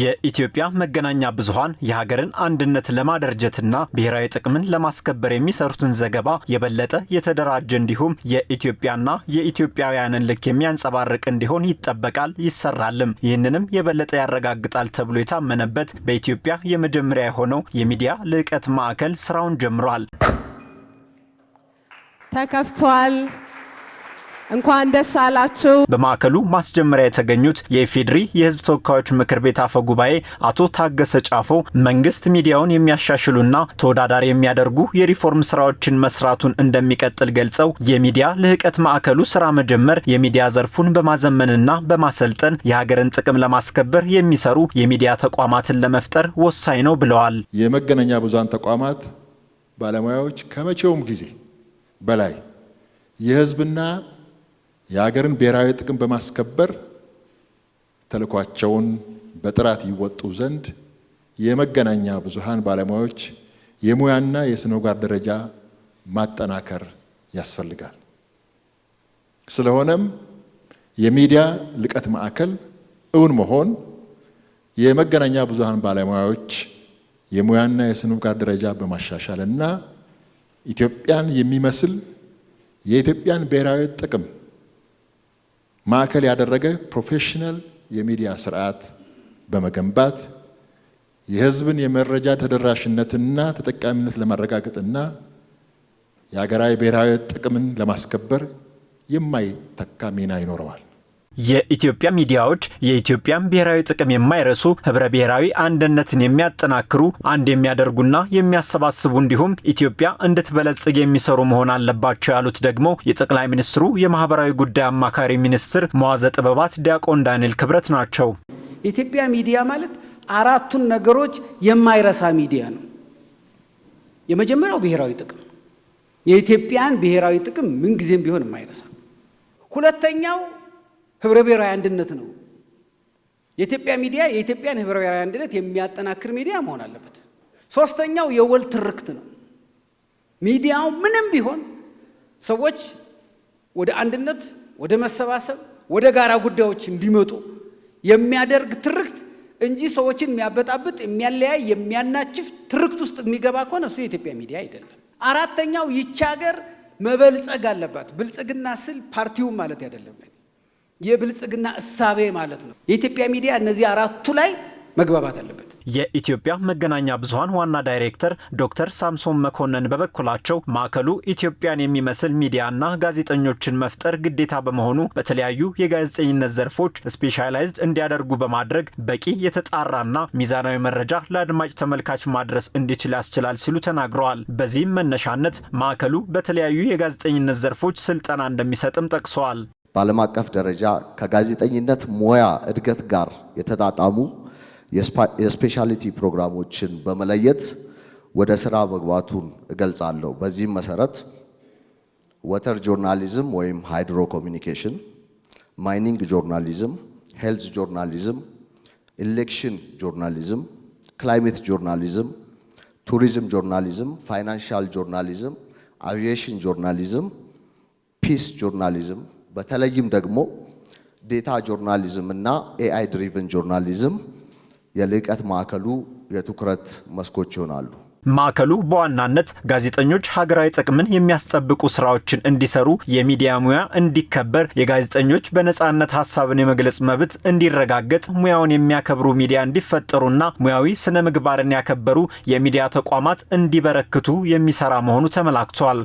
የኢትዮጵያ መገናኛ ብዙሃን የሀገርን አንድነት ለማደርጀትና ብሔራዊ ጥቅምን ለማስከበር የሚሰሩትን ዘገባ የበለጠ የተደራጀ እንዲሁም የኢትዮጵያና የኢትዮጵያውያንን ልክ የሚያንጸባርቅ እንዲሆን ይጠበቃል፣ ይሰራልም። ይህንንም የበለጠ ያረጋግጣል ተብሎ የታመነበት በኢትዮጵያ የመጀመሪያ የሆነው የሚዲያ ልዕቀት ማዕከል ስራውን ጀምሯል፣ ተከፍቷል። እንኳን ደስ አላችሁ። በማዕከሉ ማስጀመሪያ የተገኙት የኢፌዴሪ የህዝብ ተወካዮች ምክር ቤት አፈ ጉባኤ አቶ ታገሰ ጫፎ መንግስት ሚዲያውን የሚያሻሽሉና ተወዳዳሪ የሚያደርጉ የሪፎርም ስራዎችን መስራቱን እንደሚቀጥል ገልጸው የሚዲያ ልህቀት ማዕከሉ ስራ መጀመር የሚዲያ ዘርፉን በማዘመንና በማሰልጠን የሀገርን ጥቅም ለማስከበር የሚሰሩ የሚዲያ ተቋማትን ለመፍጠር ወሳኝ ነው ብለዋል። የመገናኛ ብዙሃን ተቋማት ባለሙያዎች ከመቼውም ጊዜ በላይ የህዝብና የሀገርን ብሔራዊ ጥቅም በማስከበር ተልኳቸውን በጥራት ይወጡ ዘንድ የመገናኛ ብዙሃን ባለሙያዎች የሙያና የስነ ደረጃ ማጠናከር ያስፈልጋል። ስለሆነም የሚዲያ ልቀት ማዕከል እውን መሆን የመገናኛ ብዙሃን ባለሙያዎች የሙያና የስነ ደረጃ በማሻሻል እና ኢትዮጵያን የሚመስል የኢትዮጵያን ብሔራዊ ጥቅም ማዕከል ያደረገ ፕሮፌሽናል የሚዲያ ስርዓት በመገንባት የህዝብን የመረጃ ተደራሽነትና ተጠቃሚነት ለማረጋገጥና የሀገራዊ ብሔራዊ ጥቅምን ለማስከበር የማይተካ ሚና ይኖረዋል። የኢትዮጵያ ሚዲያዎች የኢትዮጵያን ብሔራዊ ጥቅም የማይረሱ ህብረ ብሔራዊ አንድነትን የሚያጠናክሩ አንድ የሚያደርጉና የሚያሰባስቡ እንዲሁም ኢትዮጵያ እንድትበለጽግ የሚሰሩ መሆን አለባቸው ያሉት ደግሞ የጠቅላይ ሚኒስትሩ የማህበራዊ ጉዳይ አማካሪ ሚኒስትር መዋዘ ጥበባት ዲያቆን ዳንኤል ክብረት ናቸው። የኢትዮጵያ ሚዲያ ማለት አራቱን ነገሮች የማይረሳ ሚዲያ ነው። የመጀመሪያው ብሔራዊ ጥቅም፣ የኢትዮጵያን ብሔራዊ ጥቅም ምንጊዜም ቢሆን የማይረሳ ሁለተኛው ህብረ ብሔራዊ አንድነት ነው። የኢትዮጵያ ሚዲያ የኢትዮጵያን ህብረ ብሔራዊ አንድነት የሚያጠናክር ሚዲያ መሆን አለበት። ሶስተኛው የወል ትርክት ነው። ሚዲያው ምንም ቢሆን ሰዎች ወደ አንድነት፣ ወደ መሰባሰብ፣ ወደ ጋራ ጉዳዮች እንዲመጡ የሚያደርግ ትርክት እንጂ ሰዎችን የሚያበጣብጥ፣ የሚያለያይ፣ የሚያናችፍ ትርክት ውስጥ የሚገባ ከሆነ እሱ የኢትዮጵያ ሚዲያ አይደለም። አራተኛው ይቺ ሀገር መበልጸግ አለባት። ብልጽግና ስል ፓርቲውም ማለት አይደለም። የብልጽግና እሳቤ ማለት ነው። የኢትዮጵያ ሚዲያ እነዚህ አራቱ ላይ መግባባት አለበት። የኢትዮጵያ መገናኛ ብዙኃን ዋና ዳይሬክተር ዶክተር ሳምሶን መኮንን በበኩላቸው ማዕከሉ ኢትዮጵያን የሚመስል ሚዲያና ጋዜጠኞችን መፍጠር ግዴታ በመሆኑ በተለያዩ የጋዜጠኝነት ዘርፎች ስፔሻላይዝድ እንዲያደርጉ በማድረግ በቂ የተጣራና ሚዛናዊ መረጃ ለአድማጭ ተመልካች ማድረስ እንዲችል ያስችላል ሲሉ ተናግረዋል። በዚህም መነሻነት ማዕከሉ በተለያዩ የጋዜጠኝነት ዘርፎች ስልጠና እንደሚሰጥም ጠቅሰዋል። በዓለም አቀፍ ደረጃ ከጋዜጠኝነት ሙያ እድገት ጋር የተጣጣሙ የስፔሻሊቲ ፕሮግራሞችን በመለየት ወደ ስራ መግባቱን እገልጻለሁ። በዚህም መሰረት ወተር ጆርናሊዝም ወይም ሃይድሮ ኮሚኒኬሽን፣ ማይኒንግ ጆርናሊዝም፣ ሄልዝ ጆርናሊዝም፣ ኢሌክሽን ጆርናሊዝም፣ ክላይሜት ጆርናሊዝም፣ ቱሪዝም ጆርናሊዝም፣ ፋይናንሻል ጆርናሊዝም፣ አቪዬሽን ጆርናሊዝም፣ ፒስ ጆርናሊዝም በተለይም ደግሞ ዴታ ጆርናሊዝም እና ኤአይ ድሪቨን ጆርናሊዝም የልቀት ማዕከሉ የትኩረት መስኮች ይሆናሉ። ማዕከሉ በዋናነት ጋዜጠኞች ሀገራዊ ጥቅምን የሚያስጠብቁ ስራዎችን እንዲሰሩ፣ የሚዲያ ሙያ እንዲከበር፣ የጋዜጠኞች በነፃነት ሀሳብን የመግለጽ መብት እንዲረጋገጥ፣ ሙያውን የሚያከብሩ ሚዲያ እንዲፈጠሩና ሙያዊ ስነ ምግባርን ያከበሩ የሚዲያ ተቋማት እንዲበረክቱ የሚሰራ መሆኑ ተመላክቷል።